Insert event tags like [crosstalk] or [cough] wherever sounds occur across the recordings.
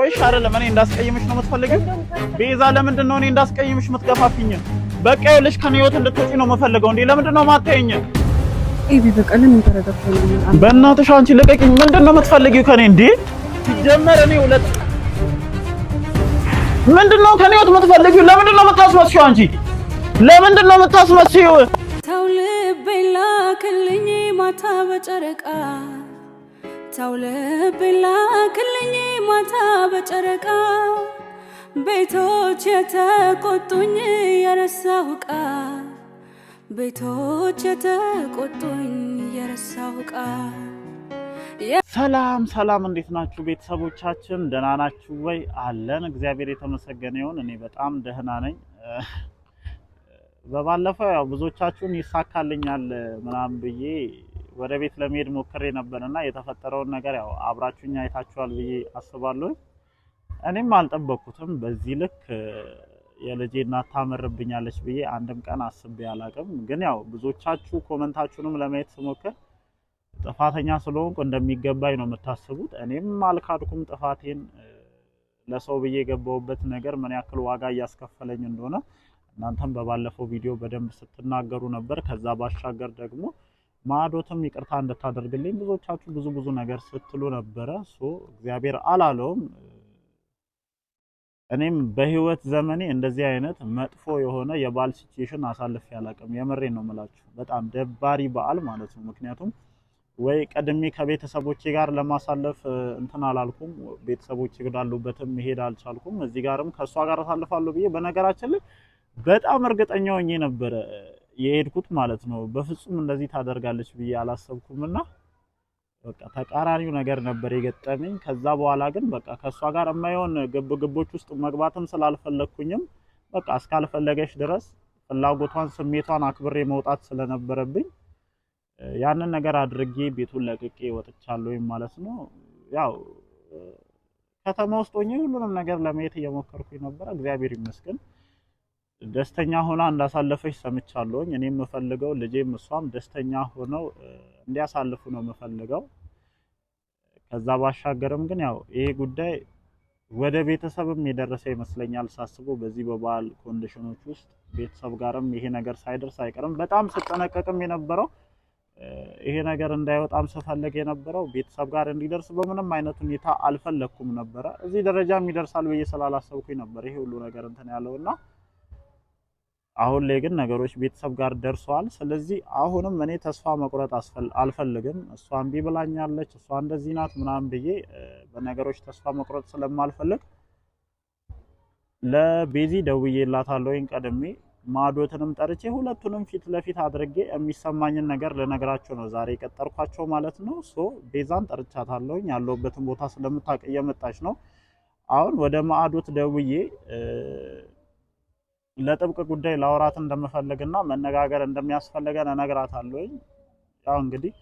ቆይሽ አይደለም እኔ እንዳስቀይምሽ ነው የምትፈልጊው? ቤዛ ለምንድን ነው እኔ እንዳስቀይምሽ የምትገፋፊኝ? በቃ ይኸውልሽ ከኔ ህይወት እንድትወጪ ነው የምፈልገው። እንዴ ለምንድን ነው የማታየኝ? ኤቢ በቃ ለምን ተረጋግተሽ? በእናትሽ አንቺ ልቀቂኝ። ምንድን ነው የምትፈልጊው ከኔ? እንዴ ሲጀመር እኔ ሁለት ምንድን ነው ከኔ ህይወት የምትፈልጊው? ለምንድን ነው የምታስመስሺው? አንቺ ለምንድን ነው የምታስመስሺው? ተው ልቤን ላክልኝ ማታ በጨረቃ በሽታው ልብን ላክልኝ ማታ በጨረቃ ቤቶች የተቆጡኝ የረሳው ቃል ቤቶች የተቆጡኝ የረሳው ቃል። ሰላም ሰላም፣ እንዴት ናችሁ ቤተሰቦቻችን? ደህና ናችሁ ወይ? አለን። እግዚአብሔር የተመሰገነ ይሁን። እኔ በጣም ደህና ነኝ። በባለፈው ያው ብዙዎቻችሁን ይሳካልኛል ምናምን ብዬ ወደ ቤት ለመሄድ ሞክሬ ነበር እና የተፈጠረውን ነገር ያው አብራችሁኝ አይታችኋል ብዬ አስባለሁ። እኔም አልጠበኩትም በዚህ ልክ የልጄ እናት ብዬ አንድም ቀን አስቤ አላቅም። ግን ያው ብዙዎቻችሁ ኮመንታችሁንም ለማየት ስሞክር ጥፋተኛ ስለሆንኩ እንደሚገባኝ ነው የምታስቡት። እኔም አልካድኩም። ጥፋቴን ለሰው ብዬ የገባሁበት ነገር ምን ያክል ዋጋ እያስከፈለኝ እንደሆነ እናንተም በባለፈው ቪዲዮ በደንብ ስትናገሩ ነበር። ከዛ ባሻገር ደግሞ ማዕዶትም ይቅርታ እንድታደርግልኝ ብዙዎቻችሁ ብዙ ብዙ ነገር ስትሉ ነበረ። እሱ እግዚአብሔር አላለውም። እኔም በህይወት ዘመኔ እንደዚህ አይነት መጥፎ የሆነ የበዓል ሲቹዌሽን አሳልፍ ያላቅም። የምሬ ነው የምላችሁ፣ በጣም ደባሪ በዓል ማለት ነው። ምክንያቱም ወይ ቀድሜ ከቤተሰቦቼ ጋር ለማሳለፍ እንትን አላልኩም፣ ቤተሰቦቼ እንዳሉበትም መሄድ አልቻልኩም። እዚህ ጋርም ከእሷ ጋር አሳልፋለሁ ብዬ በነገራችን ላይ በጣም እርግጠኛ ሆኜ ነበረ የሄድኩት ማለት ነው። በፍጹም እንደዚህ ታደርጋለች ብዬ አላሰብኩምና በቃ ተቃራኒው ነገር ነበር የገጠመኝ። ከዛ በኋላ ግን በቃ ከእሷ ጋር የማይሆን ግብ ግቦች ውስጥ መግባትም ስላልፈለግኩኝም በቃ እስካልፈለገች ድረስ ፍላጎቷን፣ ስሜቷን አክብሬ መውጣት ስለነበረብኝ ያንን ነገር አድርጌ ቤቱን ለቅቄ ወጥቻለሁ ማለት ነው። ያው ከተማ ውስጥ ሆኜ ሁሉንም ነገር ለማየት እየሞከርኩኝ ነበረ። እግዚአብሔር ይመስገን። ደስተኛ ሆና እንዳሳለፈች ሰምቻለሁኝ። እኔ የምፈልገው ልጄም እሷም ደስተኛ ሆነው እንዲያሳልፉ ነው የምፈልገው። ከዛ ባሻገርም ግን ያው ይሄ ጉዳይ ወደ ቤተሰብም የደረሰ ይመስለኛል ሳስበው። በዚህ በበዓል ኮንዲሽኖች ውስጥ ቤተሰብ ጋርም ይሄ ነገር ሳይደርስ አይቀርም። በጣም ስጠነቀቅም የነበረው ይሄ ነገር እንዳይወጣም ስፈልግ የነበረው ቤተሰብ ጋር እንዲደርስ በምንም አይነት ሁኔታ አልፈለግኩም ነበረ። እዚህ ደረጃም ይደርሳል ብዬ ስላላሰብኩኝ ነበር ይሄ ሁሉ ነገር እንትን ያለውና አሁን ላይ ግን ነገሮች ቤተሰብ ጋር ደርሰዋል። ስለዚህ አሁንም እኔ ተስፋ መቁረጥ አልፈልግም። እሷ እምቢ ብላኛለች፣ እሷ እንደዚህ ናት ምናምን ብዬ በነገሮች ተስፋ መቁረጥ ስለማልፈልግ ለቤዚ ወይም ቀድሜ ማዶትንም ጠርቼ ሁለቱንም ፊት ለፊት አድርጌ የሚሰማኝን ነገር ልነግራቸው ነው ዛሬ የቀጠርኳቸው ማለት ነው። ሶ ቤዛን ጠርቻታለሁኝ ያለሁበትን ቦታ ስለምታውቅ እየመጣች ነው። አሁን ወደ ማዕዶት ደውዬ ለጥብቅ ጉዳይ ላውራት እንደምፈልግና መነጋገር እንደሚያስፈልገን እነግራታለሁ። ያው እንግዲህ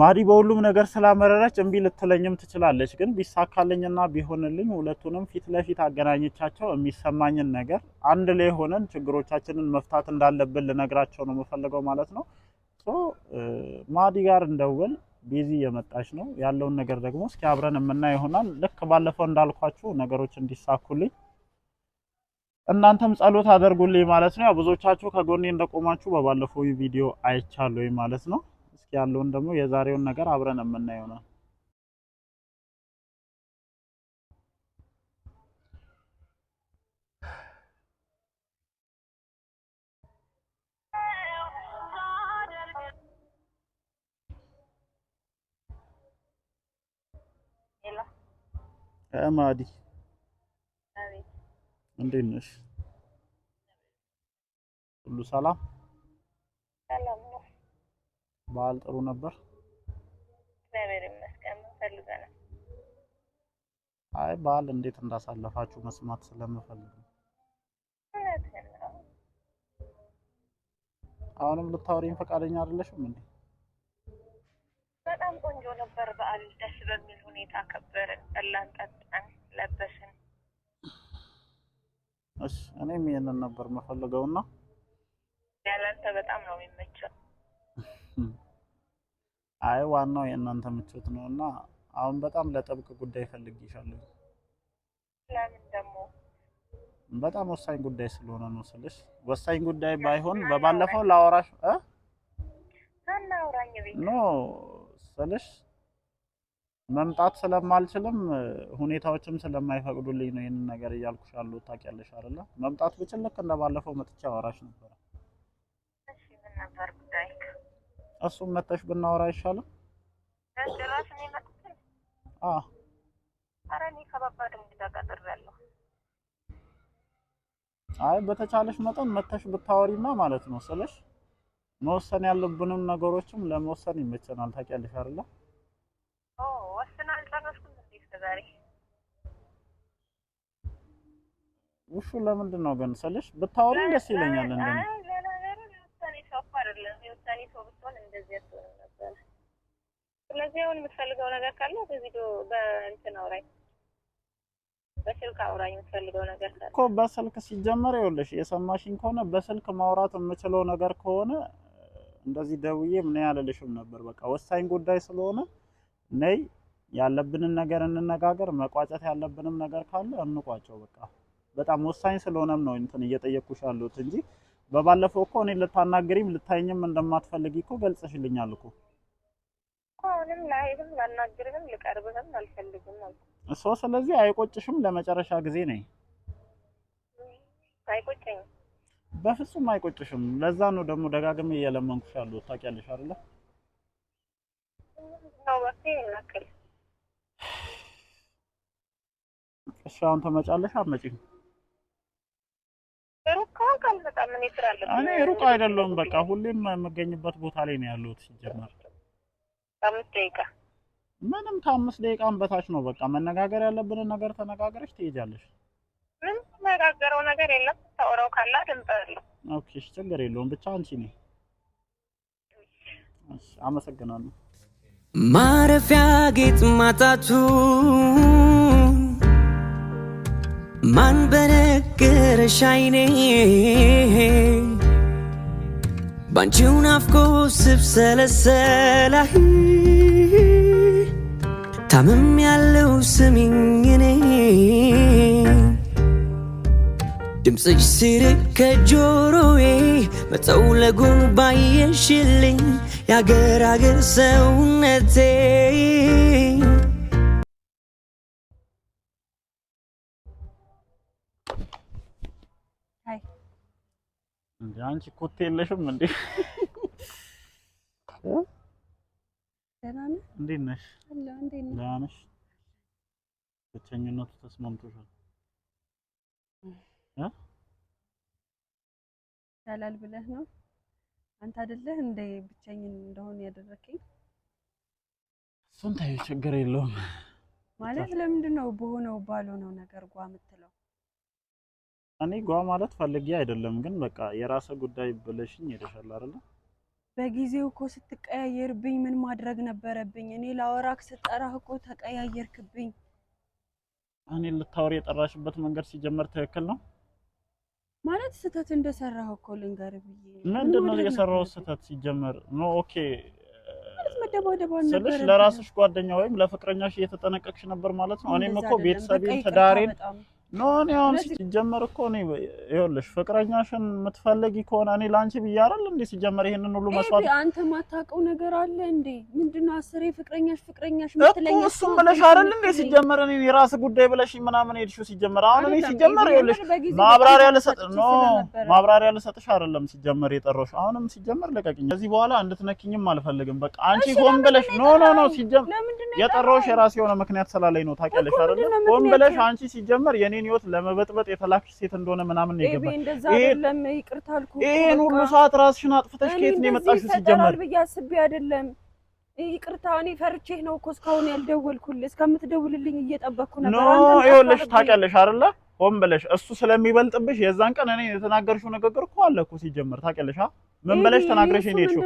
ማዲ በሁሉም ነገር ስላመረረች እምቢ ልትለኝም ትችላለች። ግን ቢሳካልኝና ቢሆንልኝ ሁለቱንም ፊት ለፊት አገናኘቻቸው የሚሰማኝን ነገር አንድ ላይ ሆነን ችግሮቻችንን መፍታት እንዳለብን ልነግራቸው ነው የምፈልገው ማለት ነው። ማዲ ጋር እንደውል ቤዚ እየመጣች ነው ያለውን ነገር ደግሞ እስኪ አብረን የምናይ ይሆናል። ልክ ባለፈው እንዳልኳችሁ ነገሮች እንዲሳኩልኝ እናንተም ጸሎት አድርጉልኝ ማለት ነው። ያው ብዙዎቻችሁ ከጎኔ እንደቆማችሁ በባለፈው ቪዲዮ አይቻለሁ ማለት ነው። እስኪ ያለውን ደግሞ የዛሬውን ነገር አብረን የምናየው ነው። ማዲ እንዴት ነሽ? ሁሉ ሰላም? ሰላም ነው። በዓል ጥሩ ነበር? እግዚአብሔር ይመስገን። ምን ፈልገህ አይ በዓል እንዴት እንዳሳለፋችሁ መስማት ስለምፈልግ ነው። አሁንም ልታወሪኝ ፈቃደኛ አይደለሽም እንዴ? በጣም ቆንጆ ነበር በዓል። ደስ በሚል ሁኔታ ከበርን፣ ጠላን፣ ጠጣን፣ ለበስን እሺ እኔም ይሄንን ነበር መፈልገውና ያላንተ በጣም ነው የሚመቸው። [laughs] አይ ዋናው የእናንተ ምቾት ነው እና አሁን በጣም ለጥብቅ ጉዳይ ፈልጌሻለሁ። ለምን ደግሞ? በጣም ወሳኝ ጉዳይ ስለሆነ ነው ስልሽ። ወሳኝ ጉዳይ ባይሆን በባለፈው ላወራሽ እ አናውራኝ ቤት ኖ ስልሽ መምጣት ስለማልችልም ሁኔታዎችም ስለማይፈቅዱልኝ ነው ይህንን ነገር እያልኩሽ ያለው። ታውቂያለሽ አይደለ? መምጣት ብችል ልክ እንደባለፈው መጥቼ አወራሽ ነበረ። እሱም መተሽ ብናወራ አይሻልም? አይ በተቻለሽ መጠን መተሽ ብታወሪና ማለት ነው ስለሽ መወሰን ያለብንም ነገሮችም ለመወሰን ይመቸናል። ታውቂያለሽ አይደለ? ውሹ ለምንድን ነው ግን ስልሽ ብታወሪኝ ደስ ይለኛል። እንደ ስለዚህ አሁን የምትፈልገው ነገር ካለ በቪዲዮ በእንትን አውራኝ፣ በስልክ አውራኝ። የምትፈልገው ነገር ካለ እኮ በስልክ ሲጀመር፣ ይኸውልሽ የሰማሽኝ ከሆነ በስልክ ማውራት የምችለው ነገር ከሆነ እንደዚህ ደውዬ ምን ያለልሽም ነበር። በቃ ወሳኝ ጉዳይ ስለሆነ ነይ፣ ያለብንን ነገር እንነጋገር፣ መቋጨት ያለብንም ነገር ካለ እንቋጨው በቃ በጣም ወሳኝ ስለሆነም ነው እንትን እየጠየኩሽ ያሉት እንጂ በባለፈው እኮ እኔ ልታናገሪም ልታይኝም እንደማትፈልጊ እኮ ገልጸሽልኛል እኮ። አሁንም ላይህም ላናግርህም ልቀርብህም አልፈልግም አልኩ ስለዚህ አይቆጭሽም? ለመጨረሻ ጊዜ ነኝ። አይቆጨኝም፣ በፍጹም አይቆጭሽም። ለዛ ነው ደግሞ ደጋግሜ እየለመንኩሽ ያሉት። ታውቂያለሽ አይደለ? እሺ አሁን ተመጫለሽ? አትመጪም? እኔ ሩቅ አይደለሁም። በቃ ሁሌም የምገኝበት ቦታ ላይ ነው ያለሁት። ሲጀመር ምንም ከአምስት ደቂቃም በታች ነው። በቃ መነጋገር ያለብንን ነገር ተነጋገረች ትሄጃለሽ። ምን ተነጋገረው ነገር የለም። ታውራው ካላ ኦኬ፣ እሺ፣ ችግር የለውም። ብቻ አንቺ ነኝ። አመሰግናለሁ። ማረፊያ ጌጥ ማጣቱ ማን በነገረሽ አይኔ ባንቺው ናፍቆ ስብሰለሰላይ ታምም ያለው ስሚኝኔ ድምፅሽ ሲርቅ ከጆሮዬ መጠው ለጎን ባየሽልኝ ያገር አገር ሰውነቴ እንዴ አንቺ ኮቴ የለሽም እንዴ? እንዴት ነሽ? ደህና ነሽ? ብቸኝነቱ ተስማምቶሻል? ይሻላል ብለህ ነው? አንተ አይደለህ እንደ ብቸኝን እንደሆነ ያደረከኝ። እሱን ተይው፣ ችግር የለውም ማለት ለምንድን ነው በሆነው ባልሆነው ነገር ጓ የምትለው? እኔ ጓ ማለት ፈልጌ አይደለም፣ ግን በቃ የራሰ ጉዳይ ብለሽኝ ሄደሻል አይደለ? በጊዜው እኮ ስትቀያየርብኝ ምን ማድረግ ነበረብኝ? እኔ ላወራክ ስጠራህ እኮ ተቀያየርክብኝ። እኔ ልታወር የጠራሽበት መንገድ ሲጀመር ትክክል ነው ማለት ስህተት እንደሰራህ እኮ ልንገርህ ብዬ። ምንድን ነው የሰራሁት ስህተት ሲጀመር? ኖ ኦኬ ስልሽ ለራስሽ ጓደኛ ወይም ለፍቅረኛሽ እየተጠነቀቅሽ ነበር ማለት ነው። እኔም እኮ ቤተሰቤን ትዳሬን ኖ እኔ አሁን ሲጀመር እኮ እኔ ይኸውልሽ ፍቅረኛሽን የምትፈልጊ ከሆነ እኔ ለአንቺ ብዬሽ አይደል እንዴ? ሲጀመር ይሄንን ሁሉ መስዋዕት አንተ ማታውቀው ነገር አለ እንዴ? ምንድነው አስሬ ፍቅረኛሽ ፍቅረኛሽ የምትለኝ እኮ እሱም ብለሽ አይደል እንዴ? ሲጀመር እኔ የራስ ጉዳይ ብለሽ ምናምን ሄድሽው። ሲጀመር አሁን እኔ ሲጀመር ይኸውልሽ ማብራሪያ ልሰጥ ኖ ማብራሪያ ልሰጥሽ አይደለም ሲጀመር የጠራሁሽ አሁንም ሲጀመር ልቀቅኝ። ከዚህ በኋላ እንድትነኪኝም አልፈልግም። በቃ አንቺ ሆን ብለሽ ኖ ኖ ኖ ሲጀመር የጠራሁሽ የራስ የሆነ ምክንያት ስላለኝ ነው ታውቂያለሽ አይደል? ሆን ብለሽ አንቺ ሲጀመር የኔ የኔን ህይወት ለመበጥበጥ የተላክሽ ሴት እንደሆነ ምናምን ነው የገባኝ። ይሄን ሁሉ ሰዓት ራስሽን አጥፍተሽ ከየት ነው የመጣሽው? ሲጀመር ብዬሽ አስቤ አይደለም። ይቅርታ እኔ ፈርቼ ነው እኮ እስካሁን ያልደወልኩልህ። እስከምትደውልልኝ እየጠበቅኩ ነበር። ኖ ይኸውልሽ፣ ታውቂያለሽ አይደለ ሆን ብለሽ እሱ ስለሚበልጥብሽ የዛን ቀን እኔ የተናገርሽው ንግግር እኮ አለ እኮ ሲጀምር ታውቂያለሽ። ምን ብለሽ ተናግረሽ እንደሄድሽው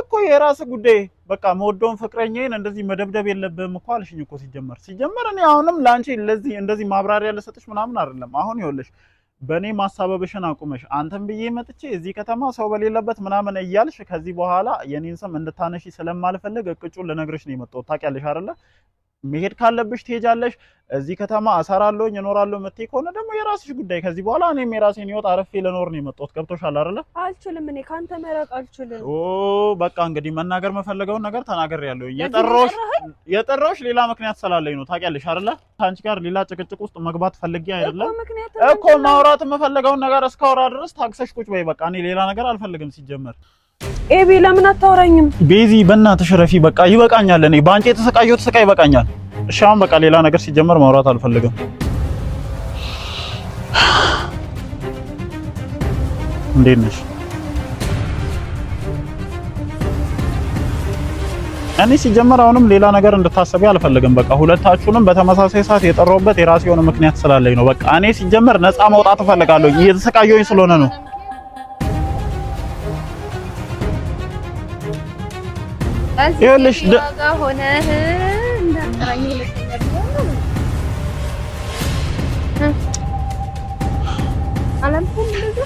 እኮ የራስ ጉዳይ በቃ መወደውን ፍቅረኛዬን እንደዚህ መደብደብ የለብህም እኮ አልሽኝ እኮ ሲጀመር ሲጀመር። እኔ አሁንም ለአንቺ ለዚህ እንደዚህ ማብራሪያ ልሰጥሽ ምናምን አይደለም። አሁን ይኸውልሽ በእኔ ማሳበብሽን አቁመሽ አንተም ብዬ መጥቼ እዚህ ከተማ ሰው በሌለበት ምናምን እያልሽ ከዚህ በኋላ የኔን ስም እንድታነሺ ስለማልፈልግ እቅጩን ልነግርሽ ነው የመጣሁት ታውቂያለሽ አይደለ መሄድ ካለብሽ ትሄጃለሽ። እዚህ ከተማ አሰራለሁኝ እኖራለሁ የምትይ ከሆነ ደግሞ የራስሽ ጉዳይ። ከዚህ በኋላ እኔም የራሴን ህይወት አረፌ ልኖር ነው የመጣሁት። ገብቶሻል አይደለ? አልችልም፣ እኔ ካንተ መራቅ አልችልም። ኦ በቃ እንግዲህ መናገር መፈለገውን ነገር ተናግሬያለሁ። የጠራሁሽ የጠራሁሽ ሌላ ምክንያት ስላለኝ ነው ታውቂያለሽ አይደለ? ከአንቺ ጋር ሌላ ጭቅጭቅ ውስጥ መግባት ፈልጌ አይደለም እኮ። ማውራት የምፈለገውን ነገር እስካወራ ድረስ ታግሰሽ ቁጭ በይ በቃ። እኔ ሌላ ነገር አልፈልግም ሲጀመር ኤቢ ለምን አታወራኝም? ቤዚ በእናትሽ ረፊ በቃ ይበቃኛል። እኔ በአንቺ የተሰቃየሁት ስቃይ ይበቃኛል። እሺ አሁን በቃ ሌላ ነገር ሲጀመር ማውራት አልፈልግም። እንዴት ነሽ? እኔ ሲጀመር አሁንም ሌላ ነገር እንድታሰቢ አልፈልግም። በቃ ሁለታችሁንም በተመሳሳይ ሰዓት የጠራሁበት የራሴ የሆነ ምክንያት ስላለኝ ነው። በቃ እኔ ሲጀመር ነፃ መውጣት እፈልጋለሁ። እየተሰቃየሁኝ ስለሆነ ነው ይኸውልሽ ሆነህ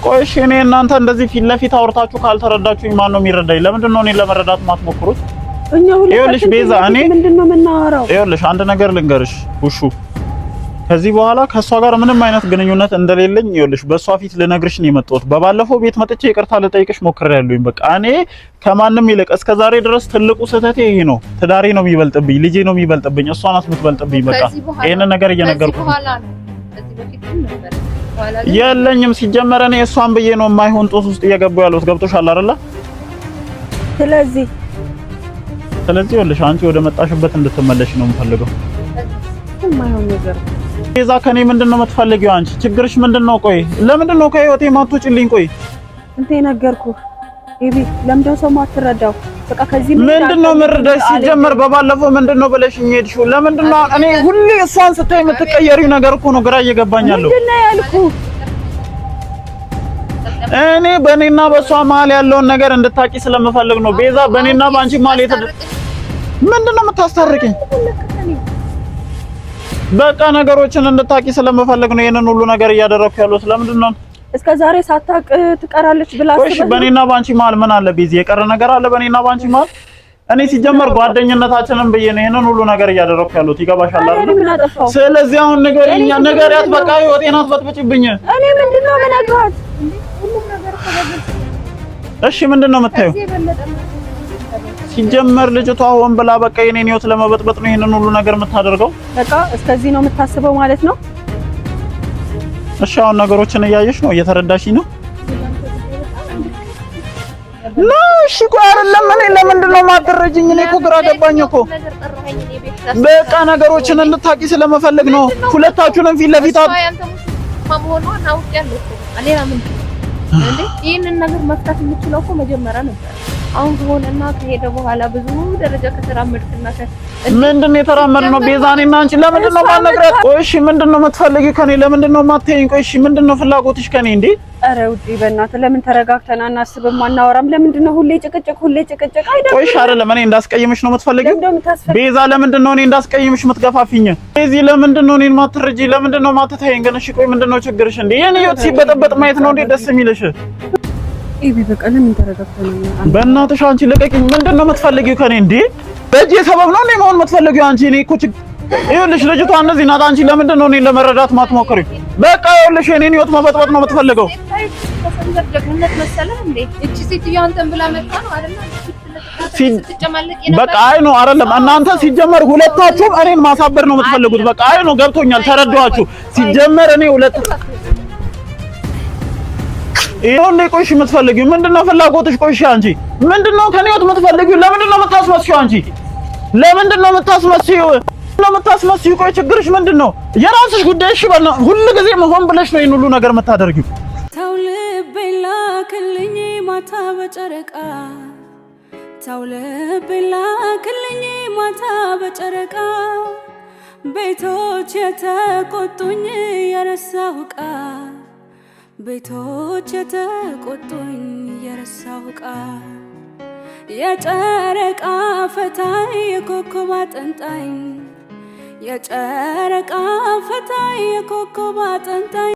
ቆይ እሺ፣ እኔ እናንተ እንደዚህ ፊት ለፊት አውርታችሁ ካልተረዳችሁኝ ማን ነው የሚረዳኝ? ለምንድን ነው እኔ ለመረዳት ማትሞክሩት? ይኸውልሽ ቤዛ፣ እኔ ይኸውልሽ አንድ ነገር ልንገርሽ ውሹ ከዚህ በኋላ ከእሷ ጋር ምንም አይነት ግንኙነት እንደሌለኝ ይኸውልሽ በእሷ ፊት ልነግርሽ ነው የመጣሁት። በባለፈው ቤት መጥቼ ይቅርታ ልጠይቅሽ ሞክሬያለሁኝ። በቃ እኔ ከማንም ይልቅ እስከ ዛሬ ድረስ ትልቁ ስህተቴ ይሄ ነው። ትዳሬ ነው የሚበልጥብኝ፣ ልጄ ነው የሚበልጥብኝ፣ እሷ ናት የምትበልጥብኝ። በቃ ይሄን ነገር እየነገርኩ የለኝም። ሲጀመር እኔ እሷን ብዬ ነው የማይሆን ጦስ ውስጥ እየገባሁ ያለሁት። ገብቶሻል አይደለ? ስለዚህ ስለዚህ ይኸውልሽ አንቺ ወደ መጣሽበት እንድትመለሽ ነው የምፈልገው። ቤዛ ከኔ ምንድን ነው የምትፈልጊው? አንቺ ችግርሽ ምንድን ነው? ቆይ ለምንድን ነው ከህይወቴ የማትወጪልኝ? ቆይ እንቴ ነገርኩ? ኤቢ ለምንድን ነው ሰው ማትረዳው? በቃ ከዚህ ምንድን ነው የምትረዳሽ? ሲጀመር በባለፈው ምንድን ነው ብለሽኝ ሄድሽው? ለምንድን ነው እኔ ሁሌ እሷን ስታይ የምትቀየሪው ነገር እኮ ነው። ግራ እየገባኝ አለው። ምንድን ነው እኔ በእኔና በእሷ መሀል ያለውን ነገር እንድታቂ ስለምፈልግ ነው። ቤዛ በእኔና በአንቺ መሀል የተደ ምንድን ነው በቃ ነገሮችን እንድታቂ ስለምፈልግ ነው ይሄንን ሁሉ ነገር እያደረኩ ያለው። ስለምንድን ነው እስከ ዛሬ ሳታቅ ትቀራለች ብላ አስበህ? እሺ በእኔና ባንቺ መሀል ምን አለ? ቢዚ የቀረ ነገር አለ በእኔና ባንቺ መሀል? እኔ ሲጀመር ጓደኝነታችንን ብዬ ነው ይሄንን ሁሉ ነገር እያደረኩ ያለሁት። ይገባሻል አይደል? ስለዚህ አሁን ንገሪኝ፣ ንገሪያት በቃ ህይወቴን አትበጥብጭብኝ። እኔ ምንድነው የምነግራት? እሺ ምንድነው የምታየው? ሲጀመር ልጅቷ ሆን ብላ በቃ የኔን ህይወት ለመበጥበጥ ነው ይሄንን ሁሉ ነገር የምታደርገው። በቃ እስከዚህ ነው የምታስበው ማለት ነው። እሺ አሁን ነገሮችን እያየሽ ነው፣ እየተረዳሽኝ ነው። ና እሺ፣ ቆይ አይደለም እኔ ለምንድን ነው የማትረጂኝ? እኔ እኮ ግራ ገባኝ እኮ በቃ ነገሮችን እንድታቂ ስለመፈለግ ነው። ሁለታችሁንም ፊት ለፊት ይህንን ነገር መፍታት የምችለው እኮ መጀመሪያ ነበር። አሁን ከሆነና ከሄደ በኋላ ብዙ ደረጃ ከተራመድክና ምንድን ነው የተራመድነው? ቤዛ እኔና አንቺ ለምንድን ነው የማትነግሪያት? ቆይ እሺ፣ ምንድን ነው የምትፈልጊው ከኔ? ለምንድን ነው የማትይኝ? ቆይ እሺ፣ ምንድን ነው ፍላጎትሽ ከኔ እንዴ? አረ ውጪ በእናትህ ለምን ተረጋግተን አናስብም አናወራም? ለምንድን ነው ሁሌ ጭቅጭቅ ሁሌ ጭቅጭቅ? አይደለም ቆይሽ፣ አይደለም እኔ እንዳስቀይምሽ ነው የምትፈልጊው? ቤዛ ለምንድን ነው እኔ እንዳስቀይምሽ የምትገፋፊኝ? ቤዚ ለምንድን ነው እኔን ማትረጂ? ለምንድን ነው ማትታየኝ? ግን እሺ ቆይ ምንድን ነው ችግርሽ? እንዴ የኔ ህይወት ሲበጠበጥ ማየት ነው እንዴ ደስ የሚልሽ? ኤቢ በቃ ለምን ተረጋግተን በእናትሽ፣ አንቺ ልቀቂኝ። ምንድን ነው የምትፈልጊው ከኔ? እንዴ በእጄ ሰበብ ነው እኔ መሆን የምትፈልጊው አንቺ? እኔ እኮ ይኸውልሽ፣ ልጅቷ እነዚህ ናት። አንቺ ለምንድን ነው እኔን ለመረዳት ማትሞክሪው? በቃ ይኸውልሽ የእኔን ህይወት መበጥበጥ ነው የምትፈልገው። ደግነት ነው አይደል? በቃ አይ ነው አይደለም። እናንተ ሲጀመር ሁለታችሁም እኔን ማሳበር ነው የምትፈልጉት። በቃ አይ ነው ገብቶኛል፣ ተረዳኋችሁ። ሲጀመር እኔ ሁለት ይሁን ቆይሽ፣ የምትፈልጊው ምንድነው? ፍላጎትሽ? ቆይሽ፣ አንቺ ምንድነው ከኔ ህይወት የምትፈልጊው? ለምንድነው የምታስመስኪው? አንቺ ለምንድነው የምታስመስኪው? ለምታስመስዩ ቆይ ችግርሽ ምንድን ነው? የራስሽ ጉዳይ እሺ በል። ሁሉ ጊዜ መሆን ብለሽ ነው ይሄን ሁሉ ነገር የምታደርጊው። ተው ልቤን ላክልኝ ማታ በጨረቃ ተው ልቤን ላክልኝ ማታ በጨረቃ ቤቶች የተቆጡኝ የረሳው ቃል ቤቶች የተቆጡኝ የረሳው ቃል የጨረቃ ፈታይ የኮከብ አጠንጣኝ የጨረቃ ፈታይ የኮከብ አጠንጣይ